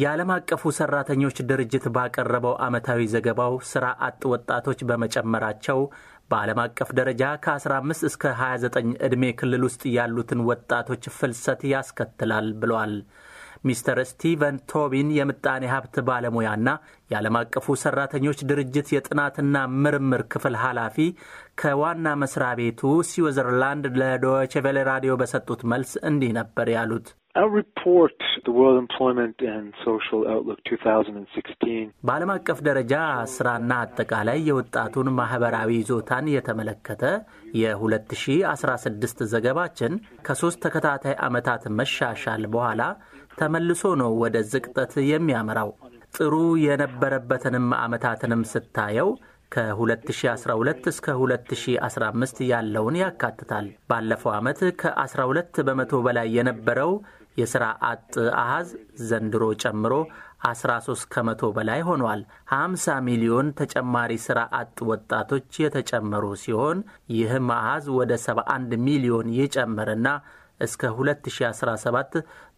የዓለም አቀፉ ሰራተኞች ድርጅት ባቀረበው ዓመታዊ ዘገባው ሥራ አጥ ወጣቶች በመጨመራቸው በዓለም አቀፍ ደረጃ ከ15 እስከ 29 ዕድሜ ክልል ውስጥ ያሉትን ወጣቶች ፍልሰት ያስከትላል ብሏል። ሚስተር ስቲቨን ቶቢን የምጣኔ ሀብት ባለሙያና የዓለም አቀፉ ሰራተኞች ድርጅት የጥናትና ምርምር ክፍል ኃላፊ ከዋና መስሪያ ቤቱ ስዊዘርላንድ ለዶይቼ ራዲዮ በሰጡት መልስ እንዲህ ነበር ያሉት። በዓለም አቀፍ ደረጃ ስራና አጠቃላይ የወጣቱን ማህበራዊ ይዞታን የተመለከተ የ2016 ዘገባችን ከሶስት ተከታታይ ዓመታት መሻሻል በኋላ ተመልሶ ነው ወደ ዝቅጠት የሚያመራው። ጥሩ የነበረበትንም ዓመታትንም ስታየው ከ2012 እስከ 2015 ያለውን ያካትታል። ባለፈው ዓመት ከ12 በመቶ በላይ የነበረው የሥራ አጥ አሃዝ ዘንድሮ ጨምሮ 13 ከመቶ በላይ ሆኗል። 50 ሚሊዮን ተጨማሪ ሥራ አጥ ወጣቶች የተጨመሩ ሲሆን ይህም አሃዝ ወደ 71 ሚሊዮን ይጨምርና እስከ 2017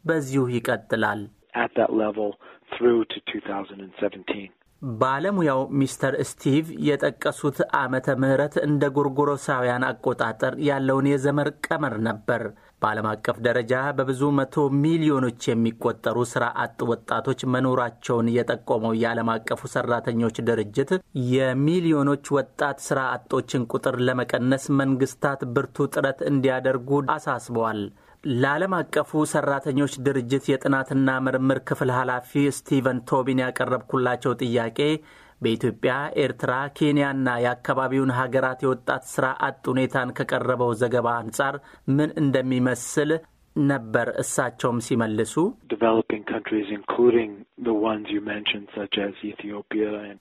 በዚሁ ይቀጥላል። at that level through to 2017. ባለሙያው ሚስተር ስቲቭ የጠቀሱት ዓመተ ምህረት እንደ ጎርጎሮሳውያን አቆጣጠር ያለውን የዘመን ቀመር ነበር። በዓለም አቀፍ ደረጃ በብዙ መቶ ሚሊዮኖች የሚቆጠሩ ስራ አጥ ወጣቶች መኖራቸውን የጠቆመው የዓለም አቀፉ ሰራተኞች ድርጅት የሚሊዮኖች ወጣት ሥራ አጦችን ቁጥር ለመቀነስ መንግስታት ብርቱ ጥረት እንዲያደርጉ አሳስበዋል። ለዓለም አቀፉ ሰራተኞች ድርጅት የጥናትና ምርምር ክፍል ኃላፊ ስቲቨን ቶቢን ያቀረብኩላቸው ጥያቄ በኢትዮጵያ፣ ኤርትራ፣ ኬንያና የአካባቢውን ሀገራት የወጣት ስራ አጥ ሁኔታን ከቀረበው ዘገባ አንጻር ምን እንደሚመስል ነበር እሳቸውም ሲመልሱ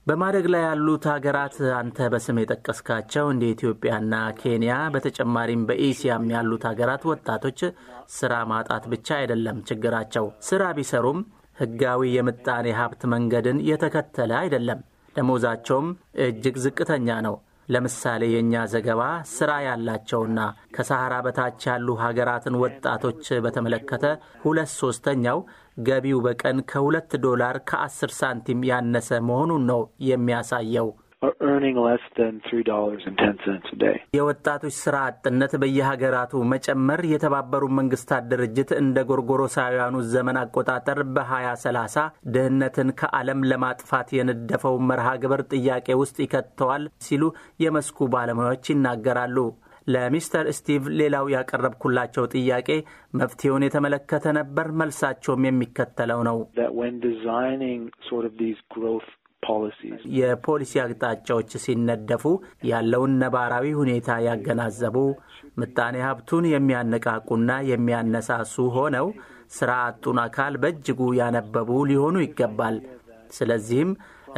በማደግ ላይ ያሉት ሀገራት አንተ በስም የጠቀስካቸው እንደ ኢትዮጵያና ኬንያ በተጨማሪም በኢሲያም ያሉት ሀገራት ወጣቶች ስራ ማጣት ብቻ አይደለም ችግራቸው። ስራ ቢሰሩም ህጋዊ የምጣኔ ሀብት መንገድን የተከተለ አይደለም። ደሞዛቸውም እጅግ ዝቅተኛ ነው። ለምሳሌ የእኛ ዘገባ ስራ ያላቸውና ከሳሐራ በታች ያሉ ሀገራትን ወጣቶች በተመለከተ ሁለት ሶስተኛው ገቢው በቀን ከሁለት ዶላር ከአስር ሳንቲም ያነሰ መሆኑን ነው የሚያሳየው። የወጣቶች ስራ አጥነት በየሀገራቱ መጨመር የተባበሩ መንግስታት ድርጅት እንደ ጎርጎሮሳውያኑ ዘመን አቆጣጠር በ2030 ድህነትን ከዓለም ለማጥፋት የነደፈው መርሃ ግብር ጥያቄ ውስጥ ይከተዋል ሲሉ የመስኩ ባለሙያዎች ይናገራሉ። ለሚስተር ስቲቭ ሌላው ያቀረብኩላቸው ጥያቄ መፍትሄውን የተመለከተ ነበር። መልሳቸውም የሚከተለው ነው። የፖሊሲ አቅጣጫዎች ሲነደፉ ያለውን ነባራዊ ሁኔታ ያገናዘቡ ምጣኔ ሀብቱን የሚያነቃቁና የሚያነሳሱ ሆነው ስራ አጡን አካል በእጅጉ ያነበቡ ሊሆኑ ይገባል። ስለዚህም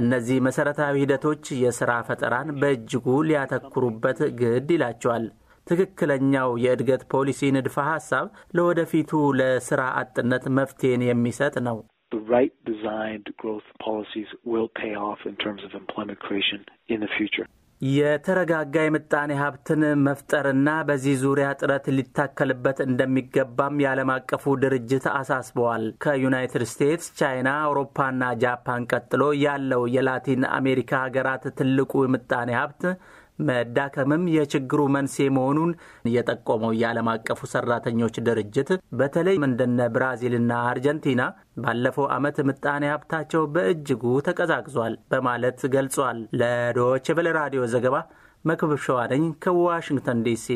እነዚህ መሠረታዊ ሂደቶች የሥራ ፈጠራን በእጅጉ ሊያተኩሩበት ግድ ይላቸዋል። ትክክለኛው የእድገት ፖሊሲ ንድፈ ሐሳብ ለወደፊቱ ለሥራ አጥነት መፍትሄን የሚሰጥ ነው። the right designed growth policies will pay off in terms of employment creation in the future. የተረጋጋ የምጣኔ ሀብትን መፍጠርና በዚህ ዙሪያ ጥረት ሊታከልበት እንደሚገባም የዓለም አቀፉ ድርጅት አሳስበዋል። ከዩናይትድ ስቴትስ፣ ቻይና፣ አውሮፓና ጃፓን ቀጥሎ ያለው የላቲን አሜሪካ ሀገራት ትልቁ የምጣኔ ሀብት መዳከምም የችግሩ መንስኤ መሆኑን የጠቆመው የዓለም አቀፉ ሰራተኞች ድርጅት በተለይ እንደነ ብራዚልና አርጀንቲና ባለፈው ዓመት ምጣኔ ሀብታቸው በእጅጉ ተቀዛቅዟል በማለት ገልጿል። ለዶይቼ ራዲዮ ዘገባ መክብብ ሸዋነኝ ከዋሽንግተን ዲሲ